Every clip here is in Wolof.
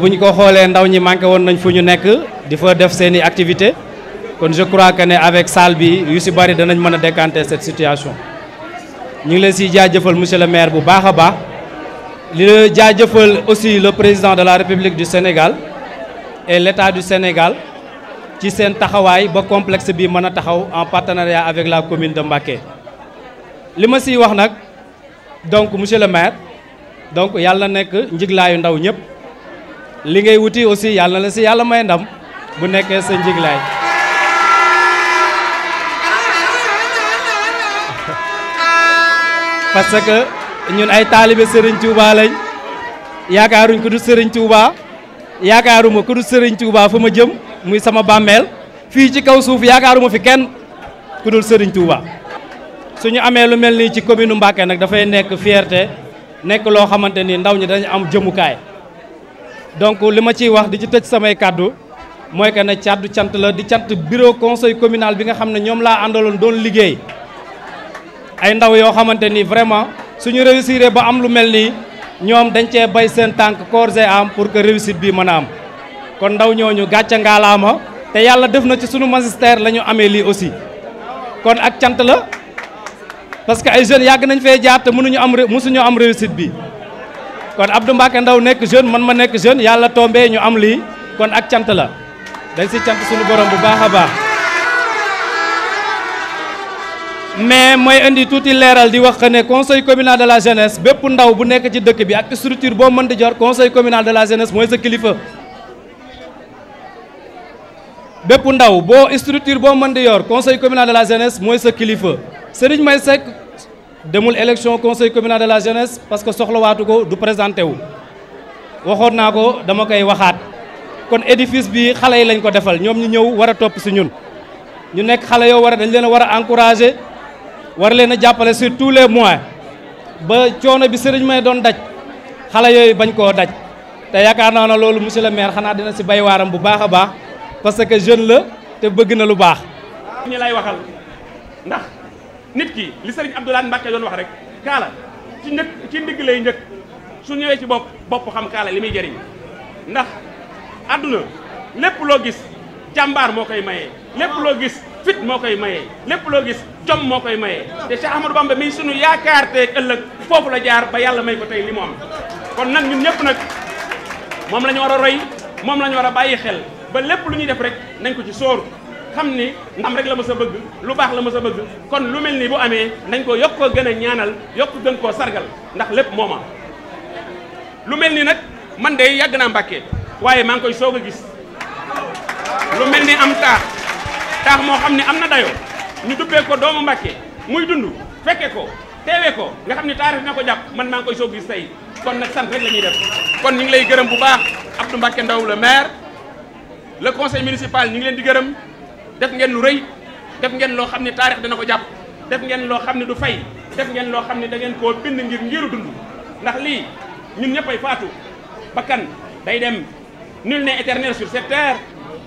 bu ñu ko xoolee ndaw ñi manqué woon nañ fu ñu nekk di fa def seen activité kon je crois que ne avec salle bi yu si bëri danañ mën a décanter cette situation ñu ngi leen siy jaajëfal monsieur le maire bu baax a baax li la jaajëfal aussi le président de la république du Sénégal et l' du Sénégal ci seen taxawaay ba complexe bi mën a taxaw en partenariat avec la commune de Mbacké li ma si wax nag donc monsieur le maire donc yàlla nekk njiglaayu ndaw ñëpp li ngay wuti aussi yàlla na si yàlla may ndam bu nekkee sa njiglaay parce que ñun ay taalibe Serigne Touba lañ yaakaaruñ ku du Serigne Touba yaakaaruma ku du Serigne Touba fa ma jëm muy sama bàmmeel fii ci kaw suuf yaakaaruma fi kenn ku dul Serigne Touba. suñu amee lu mel nii ci commune Mbacké nag dafay nekk fierté nekk loo xamante ni ndaw ñi dañu am jëmukaay. donc li ma ciy wax di ci tëj samay kàddu mooy que ne caddu cant la di cant bureau conseil communal bi nga xam ne ñoom laa àndaloon doon liggéey ay ndaw yoo xamante ni vraiment suñu réussir ba am lu mel nii ñoom dañ cee bay seen tànk corps et âme pour que réussite bi mën a am kon ndaw ñooñu gàcce ngaalaama te yàlla def na ci suñu magistère la ñu amee lii aussi kon ak cant la parce que ay jeunes yàgg nañ fee jaar te mënuñu am mësuñu am réussite bi kon Abdou Mbacke Ndaw nekk jeune man ma nekk jeune yàlla tombé ñu am lii kon ak cant la dañ si cant suñu borom bu baax a baax mais mooy indi tuuti leeral di wax ne conseil communal de la jeunesse bépp ndaw bu nekk ci dëkk bi ak structure boo mën di jor conseil communal de la jeunesse mooy sa kilifa bépp ndaw boo structure boo mën di yor conseil communal de la jeunesse mooy sa kilifa Serigne May Seck demul élection conseil communal de la jeunesse parce que soxlawaatu ko du présenté wu waxoon naa ko dama koy waxaat kon édifice bi xale yi lañ ko defal ñoom ñu ñëw war a topp si ñun ñu nekk xale yoo war a dañ leen a war a encouragé war leen a jàppale sur tous les mois ba coono bi sëriñ may doon daj xale yooyu bañ koo daj te yaakaar naa ne loolu monsieur le maire xanaa dina si bay waaram bu baax a baax parce que jeune la te bëgg na lu baax ñi lay waxal ndax nit ki li sëriñ Abdoulaye Mbacke doon wax rek kaala ci njëkk ci ndigg lay njëkk su ñëwee ci bopp bopp xam kaala li muy jëriñ ndax àdduna lépp loo gis jàmbaar moo koy maye lépp loo gis fit moo koy mayee lépp loo gis jom moo koy mayee te Cheikh Ahmadou Bamba mi sunu yaakaar te ëllëg foofu la jaar ba yàlla may ko tey li mu am kon nag ñun ñëpp nag moom la war a roy moom la war a bàyyi xel ba lépp lu ñuy def rek nañ ko ci sóor xam ni ndam rek la ma sa bëgg lu baax la ma sa bëgg kon lu mel ni bu amee nañ ko yokk koo gën a ñaanal yokk gën koo sargal ndax lépp mooma lu mel ni nag man de yàgg naa Mbàkke waaye maa ngi koy soog a gis lu mel ni am taax taax moo xam ne am na dayoo ñu dubbee ko doomu Mbàkke muy dund fekke ko teewee ko nga xam ne taarif na ko jàpp man maa ngi koy soog a gis tey kon nag sant rek la ñuy def kon ñu lay gërëm bu baax Abdou Mbàkke Ndaw la maire le conseil municipal ñu ngi di gërëm def ngeen lu rëy def ngeen loo xam ne taarix dana ko jàpp def ngeen loo xam ne du fay def ngeen loo xam ne dangeen koo bind ngir ngiru dund ndax lii ñun ñëppay faatu bakkan day dem nul ne éternel sur cette terre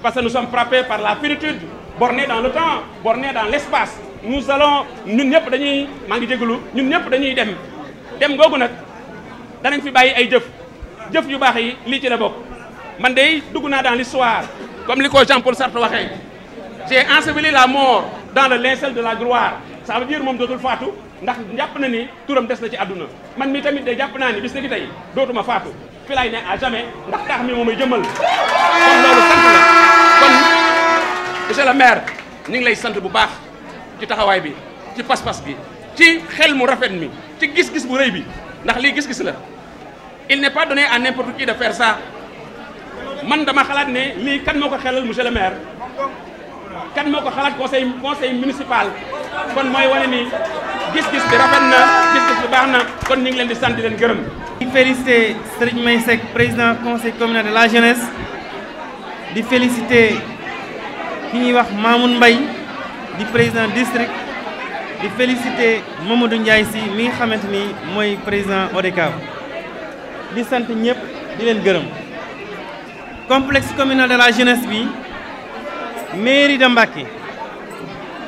parce que nous sommes par la finitude bornés dans le temps bornés dans l'espace nous allons ñun ñëpp dañuy maa ngi jégalu ñun ñëpp dañuy dem dem googu nag danañ fi bàyyi ay jëf jëf yu baax yi lii ci la bokk man dey dugg naa dans l'histoire comme li ko Jean Paul Sartre waxee j'ai enseveli la mort dans le linceul de la gloire ça veut moom dootul faatu ndax jàpp na ni turam des na ci àdduna man mi tamit de jàpp naa ni bis na ki tey dootuma faatu fi ne à jamais ndax taax mi moom may jëmmal kon loolu sant la kon monsieur le maire ñu ngi lay sant bu baax ci taxawaay bi ci pas-pas bi ci xel mu rafet mi ci gis-gis bu rëy bi ndax lii gis-gis la il n'est pas donné à n'importe qui de faire ça man dama xalaat ne lii kan moo ko xelal monsieur kan moo ko xalaat conseil conseil municipal kon mooy wane ni gis-gis bi rafet na gis-gis bi baax na kon ñu leen di sant di leen gërëm. di félicité Serigne May Seck président conseil communal de la jeunesse di félicité ki ñuy wax Mamoun mbay di président district di félicité Mamadou Ndiaye si mi nga xamante ni mooy président ODCAV di sant ñëpp di leen gërëm complexe communal de la jeunesse bi. mairie de Mbacké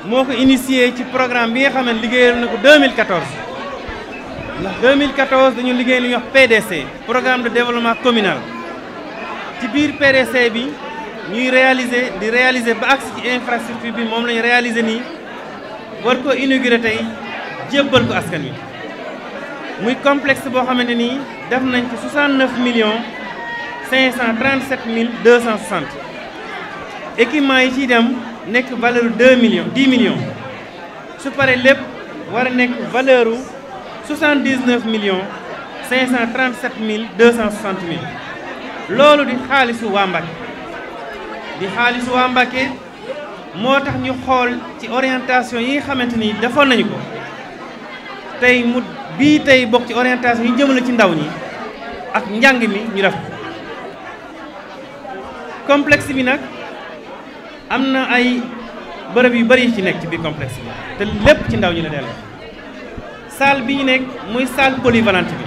moo ko initié ci programme bi nga xam liggéeyal na ko 2014 ndax 2014 dañu liggéey lu ñuy wax PDC programme de développement communal ci biir PDC bi ñuy réaliser di réaliser ba agsi ci infrastructure bi moom lañu ñu réaliser nii war ko inauguré tey jébbal ko askan wi muy complexe boo xamante nii def nañ ci 69 millions 537 mille 260 équipement yi ciy dem nekk valeur u 2 millions 10 millions su paree lépp war a nekk valeur u 79 millions 537 mille 260 mille loolu di xaalisu waa Mbacké di xaalisu waa Mbacké moo tax ñu xool ci orientation yi xamante ni defoon nañu ko tey mu bii tey bokk ci orientation yi jëmale ci ndaw ñi ak njàng mi ñu def complexe bi nag am na ay bërëb yu bari ci nekk ci biir complexe bi te lépp ci ndaw ñi la delloo salle bi ñu nekk muy salle polyvalente bi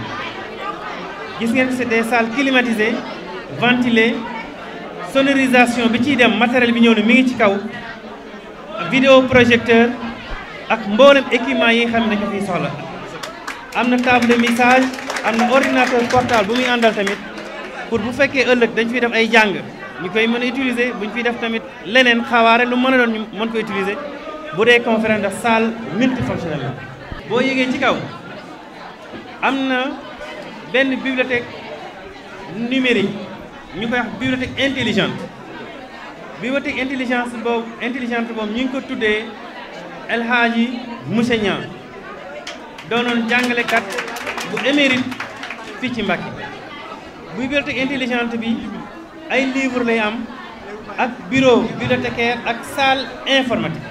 gis ngeen c'est des salles climatisées ventilées sonorisation bi ciy dem matériel bi ñëw ne mi ngi ci kaw vidéo projecteur ak mboolem équipement yi nga xam ne dañu fiy am na table de missage am na ordinateur portable bu muy àndal tamit pour bu fekkee ëllëg dañ fiy def ay jàng ñu koy mën a utiliser bu ñu fiy def tamit leneen xawaare lu mën a doon ñu mën ko utiliser bu dee conférence de salle multifonctionnelle la. boo yëgee ci kaw am na benn bibliothèque numérique ñu koy wax bibliothèque intelligente bibliothèque intelligence boobu intelligente boobu ñu ko tuddee El Hadji Mousse Niang doonoon jàngalekat bu émérite fii ci Mbacké bibliothèque intelligente bi. ay livre lay am ak bureau bibliothécaire ak salle informatique